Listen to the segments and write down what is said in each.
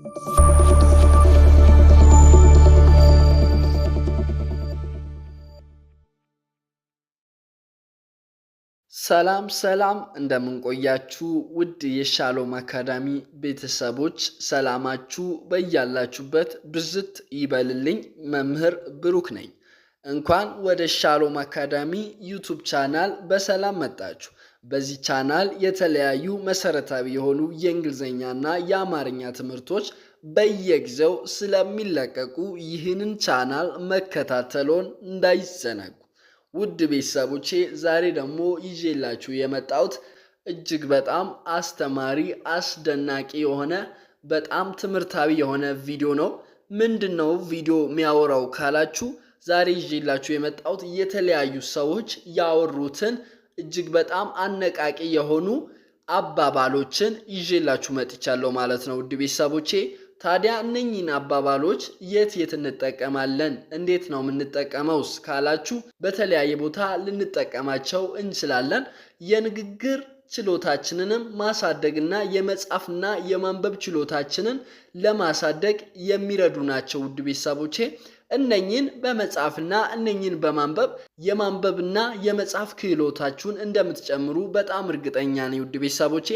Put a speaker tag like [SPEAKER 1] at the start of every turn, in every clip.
[SPEAKER 1] ሰላም ሰላም እንደምንቆያችሁ ውድ የሻሎም አካዳሚ ቤተሰቦች ሰላማችሁ በያላችሁበት ብዝት ይበልልኝ። መምህር ብሩክ ነኝ። እንኳን ወደ ሻሎም አካዳሚ ዩቱብ ቻናል በሰላም መጣችሁ። በዚህ ቻናል የተለያዩ መሰረታዊ የሆኑ የእንግሊዝኛና የአማርኛ ትምህርቶች በየጊዜው ስለሚለቀቁ ይህንን ቻናል መከታተሎን እንዳይዘነጉ። ውድ ቤተሰቦቼ ዛሬ ደግሞ ይዤላችሁ የመጣሁት እጅግ በጣም አስተማሪ አስደናቂ የሆነ በጣም ትምህርታዊ የሆነ ቪዲዮ ነው። ምንድን ነው ቪዲዮ የሚያወራው ካላችሁ ዛሬ ይዤላችሁ የመጣሁት የተለያዩ ሰዎች ያወሩትን እጅግ በጣም አነቃቂ የሆኑ አባባሎችን ይዤላችሁ መጥቻለሁ ማለት ነው ውድ ቤተሰቦቼ። ታዲያ እነኝን አባባሎች የት የት እንጠቀማለን? እንዴት ነው የምንጠቀመውስ? ካላችሁ በተለያየ ቦታ ልንጠቀማቸው እንችላለን። የንግግር ችሎታችንንም ማሳደግና የመጻፍና የማንበብ ችሎታችንን ለማሳደግ የሚረዱ ናቸው ውድ ቤተሰቦቼ። እነኝን በመጻፍና እነኝን በማንበብ የማንበብና የመጻፍ ክህሎታችሁን እንደምትጨምሩ በጣም እርግጠኛ ነኝ ውድ ቤተሰቦቼ።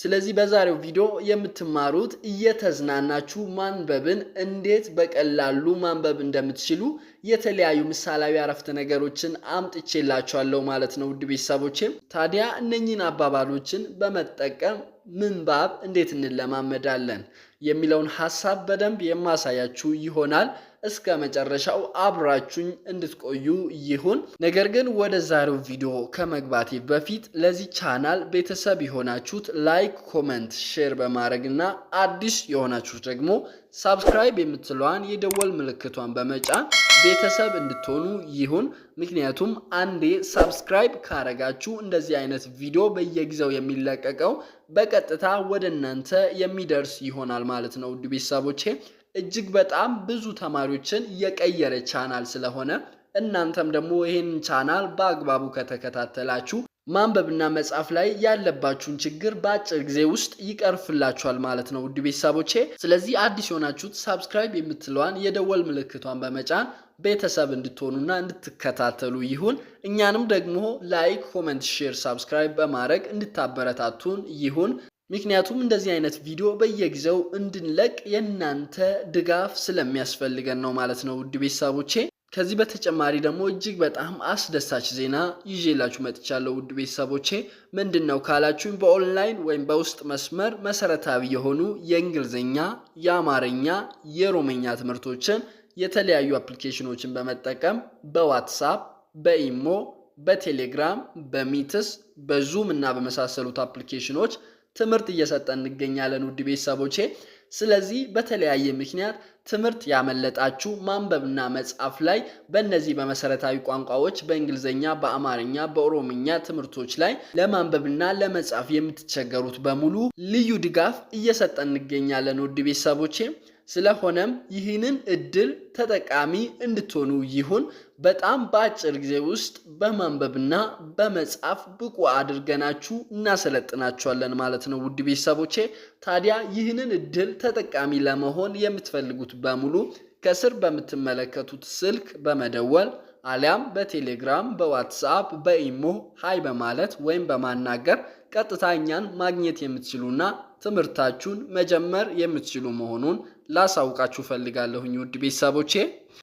[SPEAKER 1] ስለዚህ በዛሬው ቪዲዮ የምትማሩት እየተዝናናችሁ ማንበብን እንዴት በቀላሉ ማንበብ እንደምትችሉ የተለያዩ ምሳሌያዊ አረፍተ ነገሮችን አምጥቼላችኋለሁ ማለት ነው ውድ ቤተሰቦቼም። ታዲያ እነኝን አባባሎችን በመጠቀም ምንባብ እንዴት እንለማመዳለን የሚለውን ሀሳብ በደንብ የማሳያችሁ ይሆናል። እስከ መጨረሻው አብራችሁኝ እንድትቆዩ ይሁን። ነገር ግን ወደ ዛሬው ቪዲዮ ከመግባቴ በፊት ለዚህ ቻናል ቤተሰብ የሆናችሁት ላይክ፣ ኮመንት፣ ሼር በማድረግ እና አዲስ የሆናችሁት ደግሞ ሳብስክራይብ የምትለዋን የደወል ምልክቷን በመጫን ቤተሰብ እንድትሆኑ ይሁን። ምክንያቱም አንዴ ሳብስክራይብ ካረጋችሁ እንደዚህ አይነት ቪዲዮ በየጊዜው የሚለቀቀው በቀጥታ ወደ እናንተ የሚደርስ ይሆናል ማለት ነው ውድ ቤተሰቦቼ። እጅግ በጣም ብዙ ተማሪዎችን የቀየረ ቻናል ስለሆነ እናንተም ደግሞ ይህን ቻናል በአግባቡ ከተከታተላችሁ ማንበብና መጻፍ ላይ ያለባችሁን ችግር በአጭር ጊዜ ውስጥ ይቀርፍላችኋል ማለት ነው ውድ ቤተሰቦቼ። ስለዚህ አዲስ የሆናችሁት ሳብስክራይብ የምትለዋን የደወል ምልክቷን በመጫን ቤተሰብ እንድትሆኑና እንድትከታተሉ ይሁን። እኛንም ደግሞ ላይክ፣ ኮመንት፣ ሼር፣ ሳብስክራይብ በማድረግ እንድታበረታቱን ይሁን። ምክንያቱም እንደዚህ አይነት ቪዲዮ በየጊዜው እንድንለቅ የእናንተ ድጋፍ ስለሚያስፈልገን ነው ማለት ነው ውድ ቤተሰቦቼ። ከዚህ በተጨማሪ ደግሞ እጅግ በጣም አስደሳች ዜና ይዤላችሁ መጥቻለሁ ውድ ቤተሰቦቼ። ምንድን ነው ካላችሁ በኦንላይን ወይም በውስጥ መስመር መሰረታዊ የሆኑ የእንግሊዝኛ፣ የአማርኛ፣ የሮመኛ ትምህርቶችን የተለያዩ አፕሊኬሽኖችን በመጠቀም በዋትሳፕ፣ በኢሞ፣ በቴሌግራም፣ በሚትስ፣ በዙም እና በመሳሰሉት አፕሊኬሽኖች ትምህርት እየሰጠን እንገኛለን ውድ ቤተሰቦቼ። ስለዚህ በተለያየ ምክንያት ትምህርት ያመለጣችሁ ማንበብና መጻፍ ላይ በእነዚህ በመሰረታዊ ቋንቋዎች በእንግሊዝኛ፣ በአማርኛ፣ በኦሮምኛ ትምህርቶች ላይ ለማንበብና ለመጻፍ የምትቸገሩት በሙሉ ልዩ ድጋፍ እየሰጠን እንገኛለን ውድ ቤተሰቦቼ። ስለሆነም ይህንን እድል ተጠቃሚ እንድትሆኑ ይሁን። በጣም በአጭር ጊዜ ውስጥ በማንበብና በመጻፍ ብቁ አድርገናችሁ እናሰለጥናችኋለን ማለት ነው። ውድ ቤተሰቦቼ ታዲያ ይህንን እድል ተጠቃሚ ለመሆን የምትፈልጉት በሙሉ ከስር በምትመለከቱት ስልክ በመደወል አሊያም በቴሌግራም፣ በዋትስአፕ፣ በኢሞ ሀይ በማለት ወይም በማናገር ቀጥታ እኛን ማግኘት የምትችሉና ትምህርታችሁን መጀመር የምትችሉ መሆኑን ላሳውቃችሁ ፈልጋለሁኝ ውድ ቤተሰቦቼ።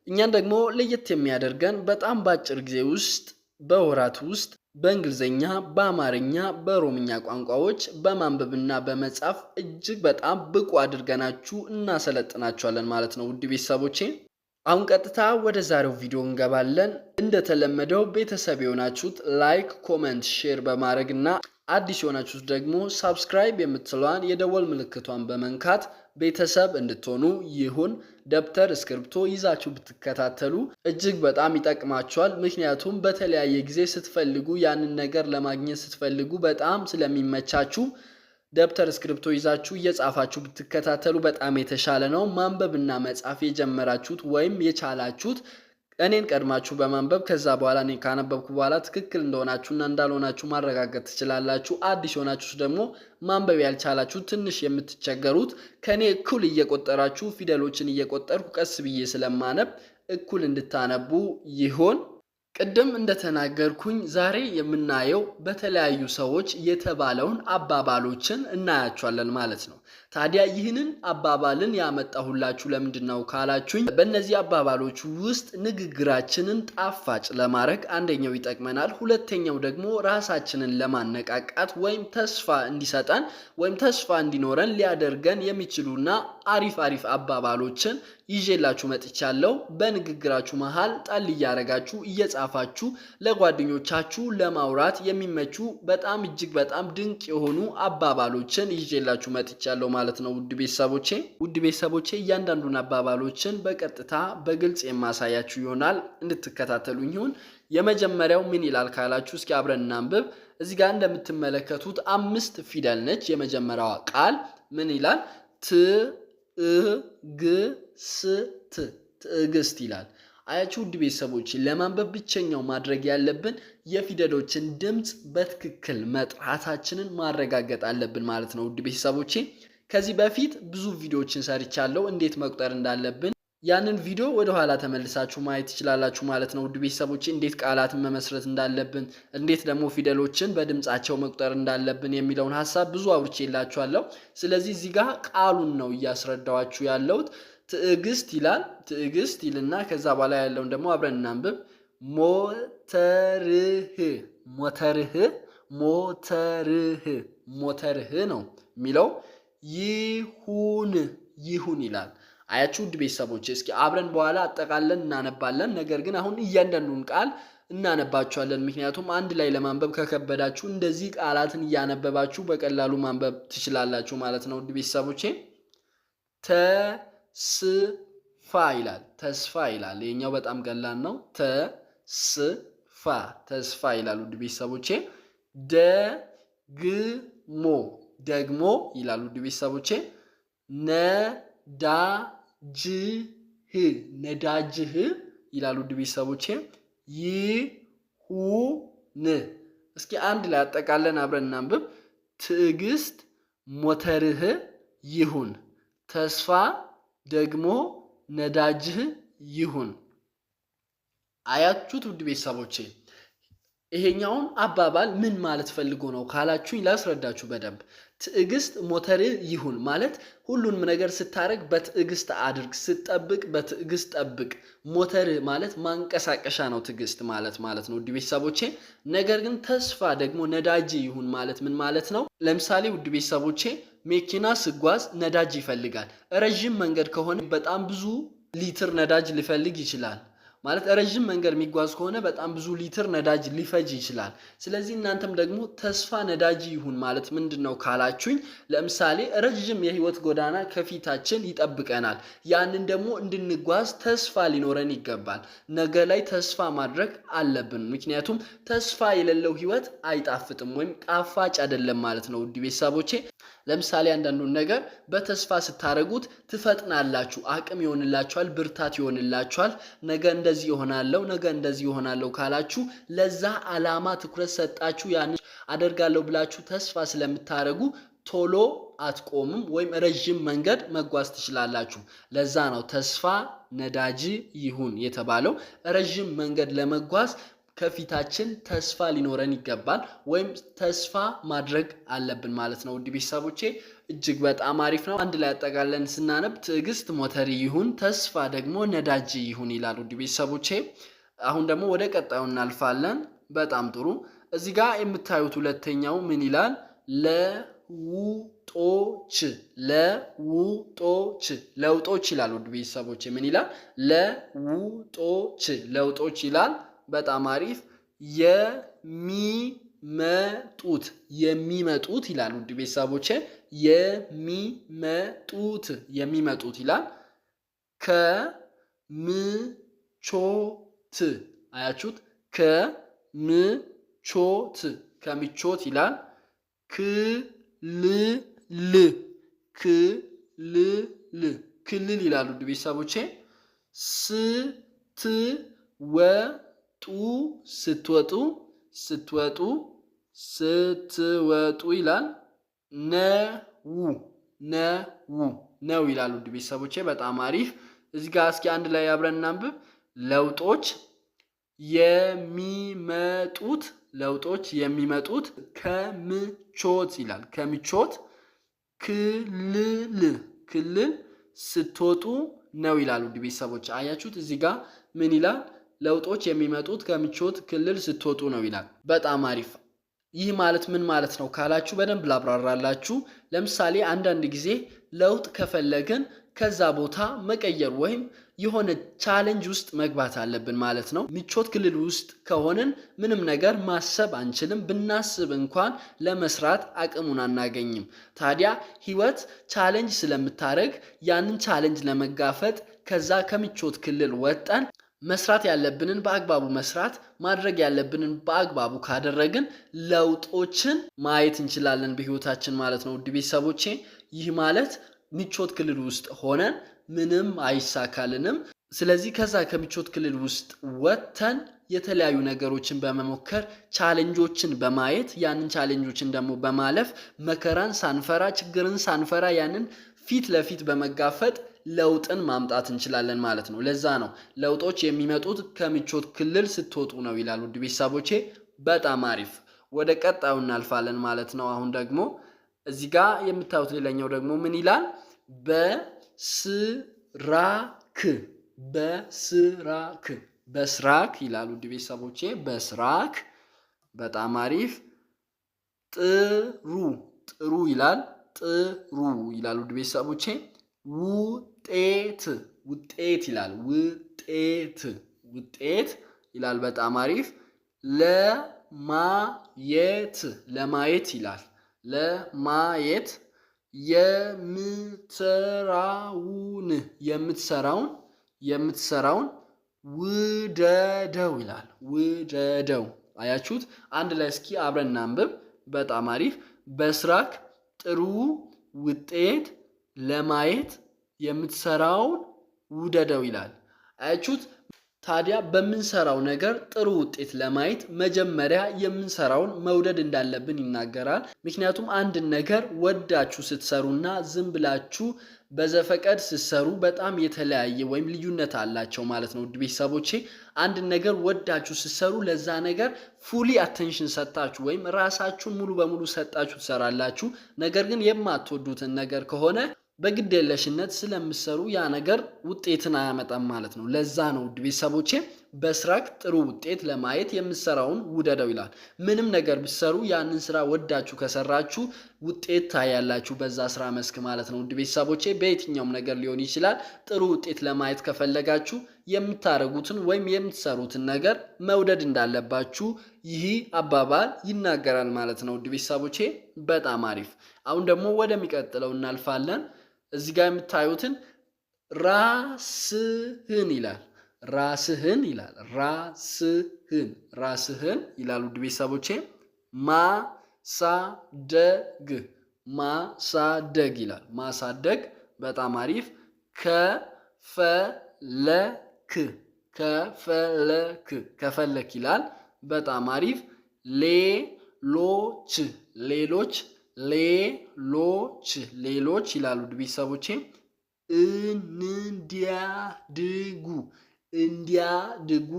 [SPEAKER 1] እኛን ደግሞ ለየት የሚያደርገን በጣም በአጭር ጊዜ ውስጥ በወራት ውስጥ በእንግሊዝኛ፣ በአማርኛ፣ በኦሮምኛ ቋንቋዎች በማንበብና በመጻፍ እጅግ በጣም ብቁ አድርገናችሁ እናሰለጥናችኋለን ማለት ነው ውድ ቤተሰቦቼ። አሁን ቀጥታ ወደ ዛሬው ቪዲዮ እንገባለን። እንደተለመደው ቤተሰብ የሆናችሁት ላይክ፣ ኮመንት፣ ሼር በማድረግ እና አዲስ የሆናችሁት ደግሞ ሳብስክራይብ የምትለዋን የደወል ምልክቷን በመንካት ቤተሰብ እንድትሆኑ ይሁን። ደብተር እስክሪብቶ ይዛችሁ ብትከታተሉ እጅግ በጣም ይጠቅማችኋል። ምክንያቱም በተለያየ ጊዜ ስትፈልጉ ያንን ነገር ለማግኘት ስትፈልጉ በጣም ስለሚመቻችሁ ደብተር እስክሪብቶ ይዛችሁ እየጻፋችሁ ብትከታተሉ በጣም የተሻለ ነው። ማንበብና መጻፍ የጀመራችሁት ወይም የቻላችሁት እኔን ቀድማችሁ በማንበብ ከዛ በኋላ እኔ ካነበብኩ በኋላ ትክክል እንደሆናችሁና እንዳልሆናችሁ ማረጋገጥ ትችላላችሁ። አዲስ የሆናችሁስ ደግሞ ማንበብ ያልቻላችሁ ትንሽ የምትቸገሩት ከእኔ እኩል እየቆጠራችሁ ፊደሎችን እየቆጠርኩ ቀስ ብዬ ስለማነብ እኩል እንድታነቡ ይሆን። ቅድም እንደተናገርኩኝ ዛሬ የምናየው በተለያዩ ሰዎች የተባለውን አባባሎችን እናያቸዋለን ማለት ነው። ታዲያ ይህንን አባባልን ያመጣሁላችሁ ለምንድን ነው ካላችሁኝ፣ በእነዚህ አባባሎች ውስጥ ንግግራችንን ጣፋጭ ለማድረግ አንደኛው ይጠቅመናል። ሁለተኛው ደግሞ ራሳችንን ለማነቃቃት ወይም ተስፋ እንዲሰጠን ወይም ተስፋ እንዲኖረን ሊያደርገን የሚችሉና አሪፍ አሪፍ አባባሎችን ይዤላችሁ መጥቻለሁ። በንግግራችሁ መሃል ጠል እያደረጋችሁ እየጻፋችሁ ለጓደኞቻችሁ ለማውራት የሚመቹ በጣም እጅግ በጣም ድንቅ የሆኑ አባባሎችን ይዤላችሁ መጥቻለሁ ማለት ማለት ነው። ውድ ቤተሰቦቼ ውድ ቤተሰቦቼ እያንዳንዱን አባባሎችን በቀጥታ በግልጽ የማሳያችሁ ይሆናል እንድትከታተሉኝ ይሁን። የመጀመሪያው ምን ይላል ካላችሁ እስኪ አብረን እናንብብ። እዚህ ጋር እንደምትመለከቱት አምስት ፊደል ነች። የመጀመሪያዋ ቃል ምን ይላል? ትዕግስት ትዕግስት ይላል። አያችሁ ውድ ቤተሰቦች ለማንበብ ብቸኛው ማድረግ ያለብን የፊደሎችን ድምፅ በትክክል መጥራታችንን ማረጋገጥ አለብን ማለት ነው። ውድ ቤተሰቦቼ ከዚህ በፊት ብዙ ቪዲዮዎችን ሰርቻለሁ እንዴት መቁጠር እንዳለብን ያንን ቪዲዮ ወደኋላ ተመልሳችሁ ማየት ትችላላችሁ ማለት ነው። ውድ ቤተሰቦች እንዴት ቃላትን መመስረት እንዳለብን፣ እንዴት ደግሞ ፊደሎችን በድምፃቸው መቁጠር እንዳለብን የሚለውን ሀሳብ ብዙ አውርቼላችኋለሁ። ስለዚህ እዚህ ጋር ቃሉን ነው እያስረዳዋችሁ ያለሁት። ትዕግስት ይላል። ትዕግስት ይልና ከዛ በኋላ ያለውን ደግሞ አብረን እናንብብ። ሞተርህ ሞተርህ ሞተርህ ሞተርህ ነው የሚለው ይሁን ይሁን ይላል። አያችሁ ውድ ቤተሰቦች፣ እስኪ አብረን በኋላ አጠቃለን እናነባለን። ነገር ግን አሁን እያንዳንዱን ቃል እናነባቸዋለን። ምክንያቱም አንድ ላይ ለማንበብ ከከበዳችሁ እንደዚህ ቃላትን እያነበባችሁ በቀላሉ ማንበብ ትችላላችሁ ማለት ነው። ውድ ቤተሰቦቼ ተስፋ ይላል። ተስፋ ይላል። ይሄኛው በጣም ቀላል ነው። ተስፋ ተስፋ ይላል። ውድ ቤተሰቦቼ ደግሞ ደግሞ ይላሉ ውድ ቤተሰቦቼ ነዳጅህ ነዳጅህ ይላሉ ውድ ቤተሰቦቼ ይሁን። እስኪ አንድ ላይ አጠቃለን አብረን እናንብብ። ትዕግስት ሞተርህ ይሁን፣ ተስፋ ደግሞ ነዳጅህ ይሁን። አያችሁት ውድ ቤተሰቦቼ ይሄኛውን አባባል ምን ማለት ፈልጎ ነው ካላችሁኝ፣ ላስረዳችሁ በደንብ ትዕግስት ሞተርህ ይሁን ማለት ሁሉንም ነገር ስታደርግ በትዕግስት አድርግ፣ ስጠብቅ በትዕግስት ጠብቅ። ሞተርህ ማለት ማንቀሳቀሻ ነው፣ ትዕግስት ማለት ማለት ነው። ውድ ቤተሰቦቼ፣ ነገር ግን ተስፋ ደግሞ ነዳጅ ይሁን ማለት ምን ማለት ነው? ለምሳሌ ውድ ቤተሰቦቼ፣ መኪና ስጓዝ ነዳጅ ይፈልጋል። ረዥም መንገድ ከሆነ በጣም ብዙ ሊትር ነዳጅ ሊፈልግ ይችላል። ማለት ረዥም መንገድ የሚጓዝ ከሆነ በጣም ብዙ ሊትር ነዳጅ ሊፈጅ ይችላል። ስለዚህ እናንተም ደግሞ ተስፋ ነዳጅ ይሁን ማለት ምንድን ነው ካላችሁኝ፣ ለምሳሌ ረዥም የህይወት ጎዳና ከፊታችን ይጠብቀናል። ያንን ደግሞ እንድንጓዝ ተስፋ ሊኖረን ይገባል። ነገ ላይ ተስፋ ማድረግ አለብን። ምክንያቱም ተስፋ የሌለው ህይወት አይጣፍጥም ወይም ጣፋጭ አይደለም ማለት ነው። ውድ ቤተሰቦቼ ለምሳሌ አንዳንዱን ነገር በተስፋ ስታደርጉት ትፈጥናላችሁ፣ አቅም ይሆንላችኋል፣ ብርታት ይሆንላችኋል ነገ እንደዚህ ይሆናለው፣ ነገ እንደዚህ ይሆናለው ካላችሁ ለዛ አላማ ትኩረት ሰጣችሁ ያን አደርጋለሁ ብላችሁ ተስፋ ስለምታደርጉ ቶሎ አትቆምም ወይም ረዥም መንገድ መጓዝ ትችላላችሁ። ለዛ ነው ተስፋ ነዳጅ ይሁን የተባለው። ረዥም መንገድ ለመጓዝ ከፊታችን ተስፋ ሊኖረን ይገባል ወይም ተስፋ ማድረግ አለብን ማለት ነው። ውድ ቤተሰቦቼ እጅግ በጣም አሪፍ ነው። አንድ ላይ አጠቃለን ስናነብ ትዕግስት ሞተሪ ይሁን፣ ተስፋ ደግሞ ነዳጅ ይሁን ይላል። ውድ ቤተሰቦቼ አሁን ደግሞ ወደ ቀጣዩ እናልፋለን። በጣም ጥሩ። እዚህ ጋር የምታዩት ሁለተኛው ምን ይላል? ለውጦች ለውጦች ለውጦች ይላል። ውድ ቤተሰቦቼ ምን ይላል? ለውጦች ለውጦች ይላል በጣም አሪፍ የሚመጡት የሚመጡት ይላል። ውድ ቤተሰቦቼ የሚመጡት የሚመጡት ይላል። ከምቾት አያችሁት? ከምቾት ከምቾት ይላል። ክልል ክልል ክልል ይላል። ውድ ቤተሰቦቼ ስትወ ጡ ስትወጡ ስትወጡ ስትወጡ ይላል። ነው ነው ነው ይላሉ ውድ ቤተሰቦቼ በጣም አሪፍ። እዚህ ጋር እስኪ አንድ ላይ አብረን እናንብብ። ለውጦች የሚመጡት ለውጦች የሚመጡት ከምቾት ይላል። ከምቾት ክልል ክልል ስትወጡ ነው ይላሉ ውድ ቤተሰቦች አያችሁት? እዚህ ጋር ምን ይላል? ለውጦች የሚመጡት ከምቾት ክልል ስትወጡ ነው ይላል። በጣም አሪፍ። ይህ ማለት ምን ማለት ነው ካላችሁ በደንብ ላብራራላችሁ። ለምሳሌ አንዳንድ ጊዜ ለውጥ ከፈለግን ከዛ ቦታ መቀየር ወይም የሆነ ቻሌንጅ ውስጥ መግባት አለብን ማለት ነው። ምቾት ክልል ውስጥ ከሆንን ምንም ነገር ማሰብ አንችልም። ብናስብ እንኳን ለመስራት አቅሙን አናገኝም። ታዲያ ህይወት ቻሌንጅ ስለምታደርግ ያንን ቻሌንጅ ለመጋፈጥ ከዛ ከምቾት ክልል ወጠን መስራት ያለብንን በአግባቡ መስራት ማድረግ ያለብንን በአግባቡ ካደረግን ለውጦችን ማየት እንችላለን በህይወታችን ማለት ነው። ውድ ቤተሰቦቼ ይህ ማለት ምቾት ክልል ውስጥ ሆነን ምንም አይሳካልንም። ስለዚህ ከዛ ከምቾት ክልል ውስጥ ወጥተን የተለያዩ ነገሮችን በመሞከር ቻሌንጆችን በማየት ያንን ቻሌንጆችን ደግሞ በማለፍ መከራን ሳንፈራ ችግርን ሳንፈራ ያንን ፊት ለፊት በመጋፈጥ ለውጥን ማምጣት እንችላለን ማለት ነው። ለዛ ነው ለውጦች የሚመጡት ከምቾት ክልል ስትወጡ ነው ይላል። ውድ ቤተሰቦቼ በጣም አሪፍ። ወደ ቀጣዩ እናልፋለን ማለት ነው። አሁን ደግሞ እዚህ ጋ የምታዩት ሌላኛው ደግሞ ምን ይላል? በስራክ በስራክ በስራክ ይላል። ውድ ቤተሰቦቼ በስራክ በጣም አሪፍ። ጥሩ ጥሩ ይላል። ጥሩ ይላል። ውድ ቤተሰቦቼ ው ውጤት ውጤት ይላል። ውጤት ውጤት ይላል። በጣም አሪፍ። ለማየት ለማየት ይላል። ለማየት የምትሰራውን የምትሰራውን የምትሰራውን ውደደው ይላል። ውደደው አያችሁት? አንድ ላይ እስኪ አብረን እናንብብ። በጣም አሪፍ። በስራክ ጥሩ ውጤት ለማየት የምትሰራውን ውደደው ይላል። አያችሁት? ታዲያ በምንሰራው ነገር ጥሩ ውጤት ለማየት መጀመሪያ የምንሰራውን መውደድ እንዳለብን ይናገራል። ምክንያቱም አንድን ነገር ወዳችሁ ስትሰሩና ዝም ብላችሁ በዘፈቀድ ስትሰሩ በጣም የተለያየ ወይም ልዩነት አላቸው ማለት ነው። ውድ ቤተሰቦቼ አንድን ነገር ወዳችሁ ስትሰሩ ለዛ ነገር ፉሊ አቴንሽን ሰጣችሁ ወይም ራሳችሁን ሙሉ በሙሉ ሰጣችሁ ትሰራላችሁ። ነገር ግን የማትወዱትን ነገር ከሆነ በግድ የለሽነት ስለምሰሩ ያ ነገር ውጤትን አያመጣም ማለት ነው። ለዛ ነው ውድ ቤተሰቦቼ በስራክ ጥሩ ውጤት ለማየት የምሰራውን ውደደው ይላል። ምንም ነገር ብትሰሩ ያንን ስራ ወዳችሁ ከሰራችሁ ውጤት ታያላችሁ በዛ ስራ መስክ ማለት ነው። ውድ ቤተሰቦቼ በየትኛውም ነገር ሊሆን ይችላል። ጥሩ ውጤት ለማየት ከፈለጋችሁ የምታደርጉትን ወይም የምትሰሩትን ነገር መውደድ እንዳለባችሁ ይህ አባባል ይናገራል ማለት ነው። ውድ ቤተሰቦቼ በጣም አሪፍ። አሁን ደግሞ ወደሚቀጥለው እናልፋለን። እዚህ ጋር የምታዩትን ራስህን ይላል ራስህን ይላል። ራስህን ራስህን ይላሉ ውድ ቤተሰቦቼ። ማሳደግ ማሳደግ ይላል። ማሳደግ በጣም አሪፍ። ከፈለክ ከፈለክ ከፈለክ ይላል። በጣም አሪፍ። ሌሎች ሌሎች ሌሎች ሌሎች ይላሉ ውድ ቤተሰቦቼ እንዲያድጉ እንዲያድጉ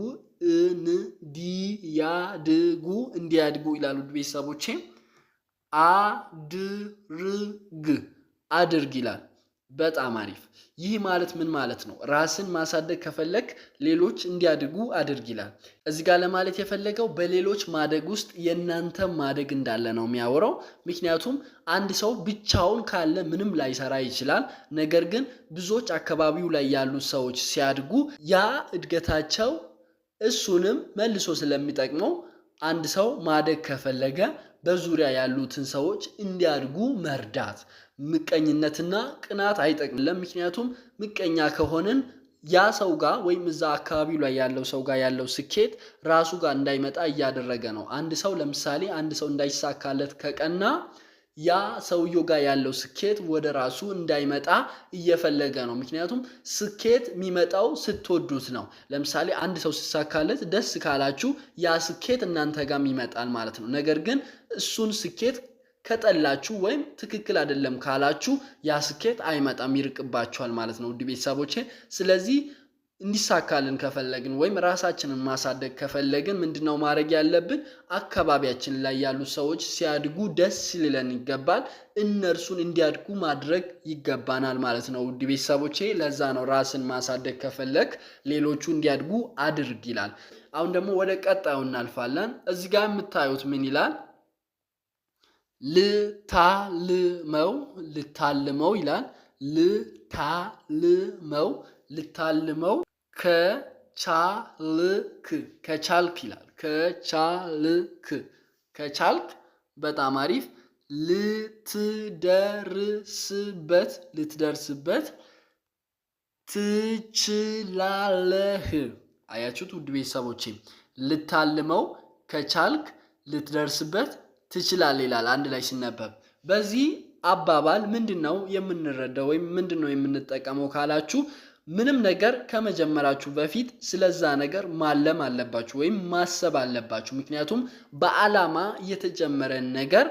[SPEAKER 1] እንዲያድጉ እንዲያድጉ ይላሉ ቤተሰቦቼ። አድርግ አድርግ ይላል። በጣም አሪፍ። ይህ ማለት ምን ማለት ነው? ራስን ማሳደግ ከፈለግ ሌሎች እንዲያድጉ አድርግ ይላል። እዚህ ጋር ለማለት የፈለገው በሌሎች ማደግ ውስጥ የእናንተ ማደግ እንዳለ ነው የሚያወራው። ምክንያቱም አንድ ሰው ብቻውን ካለ ምንም ላይሰራ ይችላል። ነገር ግን ብዙዎች አካባቢው ላይ ያሉ ሰዎች ሲያድጉ ያ እድገታቸው እሱንም መልሶ ስለሚጠቅመው አንድ ሰው ማደግ ከፈለገ በዙሪያ ያሉትን ሰዎች እንዲያድጉ መርዳት። ምቀኝነትና ቅናት አይጠቅምለም። ምክንያቱም ምቀኛ ከሆንን ያ ሰው ጋር ወይም እዛ አካባቢው ላይ ያለው ሰው ጋር ያለው ስኬት ራሱ ጋር እንዳይመጣ እያደረገ ነው። አንድ ሰው ለምሳሌ አንድ ሰው እንዳይሳካለት ከቀና ያ ሰውየው ጋር ያለው ስኬት ወደ ራሱ እንዳይመጣ እየፈለገ ነው። ምክንያቱም ስኬት የሚመጣው ስትወዱት ነው። ለምሳሌ አንድ ሰው ሲሳካለት ደስ ካላችሁ ያ ስኬት እናንተ ጋርም ይመጣል ማለት ነው። ነገር ግን እሱን ስኬት ከጠላችሁ ወይም ትክክል አይደለም ካላችሁ ያ ስኬት አይመጣም፣ ይርቅባችኋል ማለት ነው ውድ ቤተሰቦቼ ስለዚህ እንዲሳካልን ከፈለግን ወይም ራሳችንን ማሳደግ ከፈለግን ምንድነው ማድረግ ያለብን? አካባቢያችን ላይ ያሉ ሰዎች ሲያድጉ ደስ ሊለን ይገባል። እነርሱን እንዲያድጉ ማድረግ ይገባናል ማለት ነው። ውድ ቤተሰቦቼ፣ ለዛ ነው ራስን ማሳደግ ከፈለግ ሌሎቹ እንዲያድጉ አድርግ ይላል። አሁን ደግሞ ወደ ቀጣዩ እናልፋለን። እዚህ ጋር የምታዩት ምን ይላል? ልታልመው ልታልመው ይላል። ልታልመው ልታልመው ከቻልክ ከቻልክ ይላል። ከቻልክ ከቻልክ በጣም አሪፍ ልትደርስበት ልትደርስበት ትችላለህ። አያችሁት ውድ ቤተሰቦቼ፣ ልታልመው ከቻልክ ልትደርስበት ትችላለህ ይላል አንድ ላይ ሲነበብ። በዚህ አባባል ምንድን ነው የምንረዳው ወይም ምንድን ነው የምንጠቀመው ካላችሁ ምንም ነገር ከመጀመራችሁ በፊት ስለዛ ነገር ማለም አለባችሁ ወይም ማሰብ አለባችሁ። ምክንያቱም በዓላማ የተጀመረ ነገር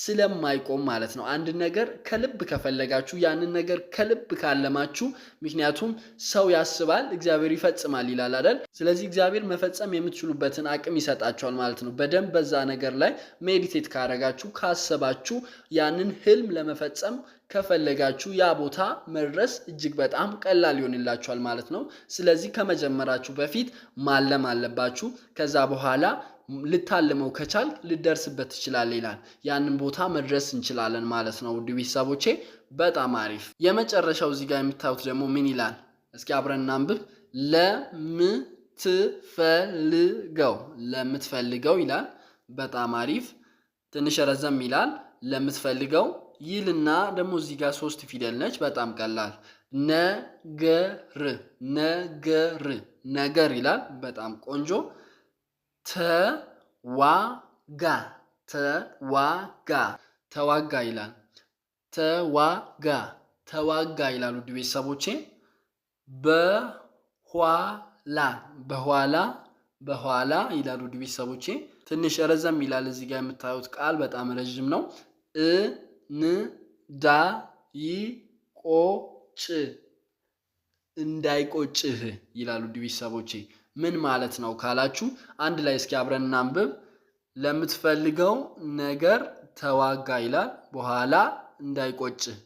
[SPEAKER 1] ስለማይቆም ማለት ነው። አንድ ነገር ከልብ ከፈለጋችሁ ያንን ነገር ከልብ ካለማችሁ፣ ምክንያቱም ሰው ያስባል እግዚአብሔር ይፈጽማል ይላል አይደል? ስለዚህ እግዚአብሔር መፈጸም የምትችሉበትን አቅም ይሰጣችኋል ማለት ነው። በደንብ በዛ ነገር ላይ ሜዲቴት ካረጋችሁ፣ ካሰባችሁ ያንን ህልም ለመፈጸም ከፈለጋችሁ ያ ቦታ መድረስ እጅግ በጣም ቀላል ይሆንላችኋል ማለት ነው። ስለዚህ ከመጀመራችሁ በፊት ማለም አለባችሁ። ከዛ በኋላ ልታልመው ከቻል ልደርስበት ትችላል ይላል። ያንን ቦታ መድረስ እንችላለን ማለት ነው። ውድ ቤተሰቦቼ በጣም አሪፍ። የመጨረሻው እዚህ ጋር የምታዩት ደግሞ ምን ይላል? እስኪ አብረን እናንብብ። ለምትፈልገው ለምትፈልገው ይላል። በጣም አሪፍ። ትንሽ ረዘም ይላል። ለምትፈልገው ይልና ደግሞ እዚህ ጋር ሶስት ፊደል ነች። በጣም ቀላል ነገር ነገር ነገር ይላል። በጣም ቆንጆ ተዋጋ ተዋጋ ተዋጋ ይላል። ተዋጋ ተዋጋ ይላሉ። ውድ ቤተሰቦቼ በኋላ በኋላ በኋላ ይላሉ። ውድ ቤተሰቦቼ ትንሽ ረዘም ይላል። እዚህ ጋር የምታዩት ቃል በጣም ረዥም ነው እንዳይቆጭ እንዳይቆጭህ ይላሉ ቤተሰቦቼ። ምን ማለት ነው ካላችሁ አንድ ላይ እስኪ አብረን እናንብብ። ለምትፈልገው ነገር ተዋጋ ይላል። በኋላ እንዳይቆጭህ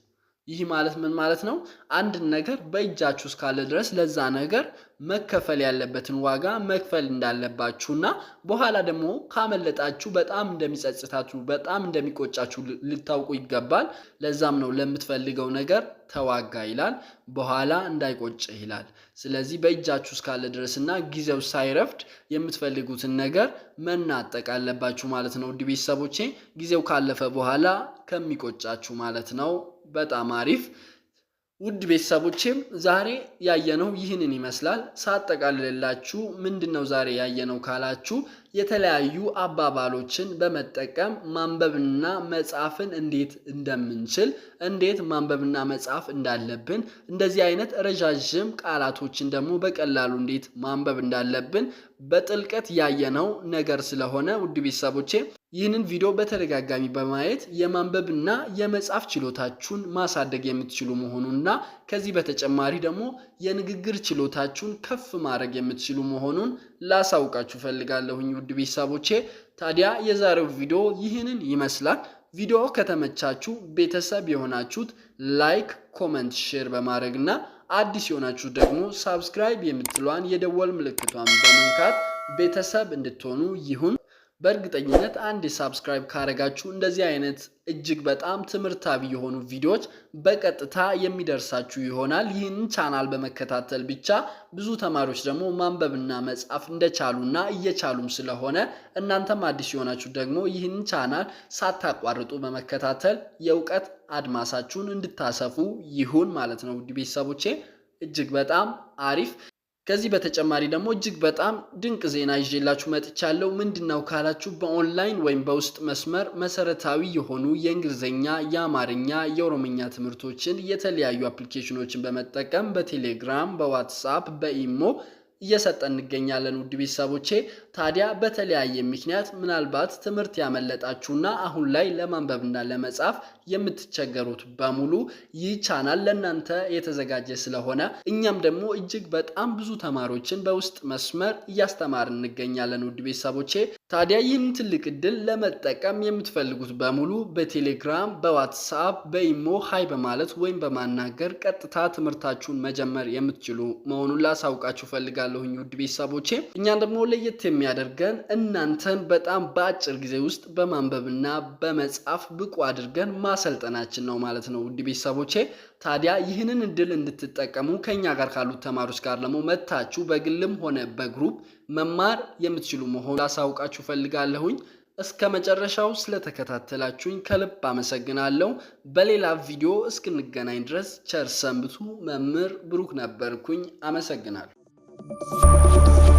[SPEAKER 1] ይህ ማለት ምን ማለት ነው? አንድን ነገር በእጃችሁ እስካለ ድረስ ለዛ ነገር መከፈል ያለበትን ዋጋ መክፈል እንዳለባችሁ እና በኋላ ደግሞ ካመለጣችሁ በጣም እንደሚጸጽታችሁ፣ በጣም እንደሚቆጫችሁ ልታውቁ ይገባል። ለዛም ነው ለምትፈልገው ነገር ተዋጋ ይላል፣ በኋላ እንዳይቆጭ ይላል። ስለዚህ በእጃችሁ እስካለ ድረስ እና ጊዜው ሳይረፍድ የምትፈልጉትን ነገር መናጠቅ አለባችሁ ማለት ነው። ውድ ቤተሰቦቼ ጊዜው ካለፈ በኋላ ከሚቆጫችሁ ማለት ነው። በጣም አሪፍ። ውድ ቤተሰቦቼም ዛሬ ያየነው ይህንን ይመስላል። ሳጠቃልላችሁ ምንድን ነው ዛሬ ያየነው ካላችሁ የተለያዩ አባባሎችን በመጠቀም ማንበብና መጻፍን እንዴት እንደምንችል፣ እንዴት ማንበብና መጻፍ እንዳለብን፣ እንደዚህ አይነት ረዣዥም ቃላቶችን ደግሞ በቀላሉ እንዴት ማንበብ እንዳለብን በጥልቀት ያየነው ነገር ስለሆነ ውድ ቤተሰቦቼ ይህንን ቪዲዮ በተደጋጋሚ በማየት የማንበብና የመጻፍ ችሎታችሁን ማሳደግ የምትችሉ መሆኑንና ከዚህ በተጨማሪ ደግሞ የንግግር ችሎታችሁን ከፍ ማድረግ የምትችሉ መሆኑን ላሳውቃችሁ ፈልጋለሁኝ ውድ ቤተሰቦቼ። ታዲያ የዛሬው ቪዲዮ ይህንን ይመስላል። ቪዲዮ ከተመቻችሁ ቤተሰብ የሆናችሁት ላይክ፣ ኮመንት፣ ሼር በማድረግና አዲስ የሆናችሁ ደግሞ ሳብስክራይብ የምትሏን የደወል ምልክቷን በመንካት ቤተሰብ እንድትሆኑ ይሁን። በእርግጠኝነት አንድ ሳብስክራይብ ካረጋችሁ እንደዚህ አይነት እጅግ በጣም ትምህርታዊ የሆኑ ቪዲዮዎች በቀጥታ የሚደርሳችሁ ይሆናል። ይህን ቻናል በመከታተል ብቻ ብዙ ተማሪዎች ደግሞ ማንበብና መጻፍ እንደቻሉና እየቻሉም ስለሆነ እናንተም አዲስ የሆናችሁ ደግሞ ይህን ቻናል ሳታቋርጡ በመከታተል የእውቀት አድማሳችሁን እንድታሰፉ ይሁን ማለት ነው። ውድ ቤተሰቦቼ እጅግ በጣም አሪፍ ከዚህ በተጨማሪ ደግሞ እጅግ በጣም ድንቅ ዜና ይዤላችሁ መጥቻለሁ። ምንድነው ካላችሁ በኦንላይን ወይም በውስጥ መስመር መሰረታዊ የሆኑ የእንግሊዝኛ፣ የአማርኛ፣ የኦሮምኛ ትምህርቶችን የተለያዩ አፕሊኬሽኖችን በመጠቀም በቴሌግራም፣ በዋትሳፕ፣ በኢሞ እየሰጠን እንገኛለን። ውድ ቤተሰቦቼ ታዲያ በተለያየ ምክንያት ምናልባት ትምህርት ያመለጣችሁና አሁን ላይ ለማንበብና ለመጻፍ የምትቸገሩት በሙሉ ይህ ቻናል ለእናንተ የተዘጋጀ ስለሆነ እኛም ደግሞ እጅግ በጣም ብዙ ተማሪዎችን በውስጥ መስመር እያስተማርን እንገኛለን። ውድ ቤተሰቦቼ ታዲያ ይህን ትልቅ እድል ለመጠቀም የምትፈልጉት በሙሉ በቴሌግራም፣ በዋትሳፕ፣ በኢሞ ሀይ በማለት ወይም በማናገር ቀጥታ ትምህርታችሁን መጀመር የምትችሉ መሆኑን ላሳውቃችሁ ፈልጋለሁ። እላለሁኝ ውድ ቤተሰቦቼ። እኛን ደግሞ ለየት የሚያደርገን እናንተን በጣም በአጭር ጊዜ ውስጥ በማንበብና በመጻፍ ብቁ አድርገን ማሰልጠናችን ነው ማለት ነው ውድ ቤተሰቦቼ። ታዲያ ይህንን እድል እንድትጠቀሙ ከእኛ ጋር ካሉት ተማሪዎች ጋር ደግሞ መታችሁ በግልም ሆነ በግሩፕ መማር የምትችሉ መሆን ላሳውቃችሁ ፈልጋለሁኝ። እስከ መጨረሻው ስለተከታተላችሁኝ ከልብ አመሰግናለሁ። በሌላ ቪዲዮ እስክንገናኝ ድረስ ቸር ሰንብቱ። መምህር ብሩክ ነበርኩኝ። አመሰግናለሁ። Música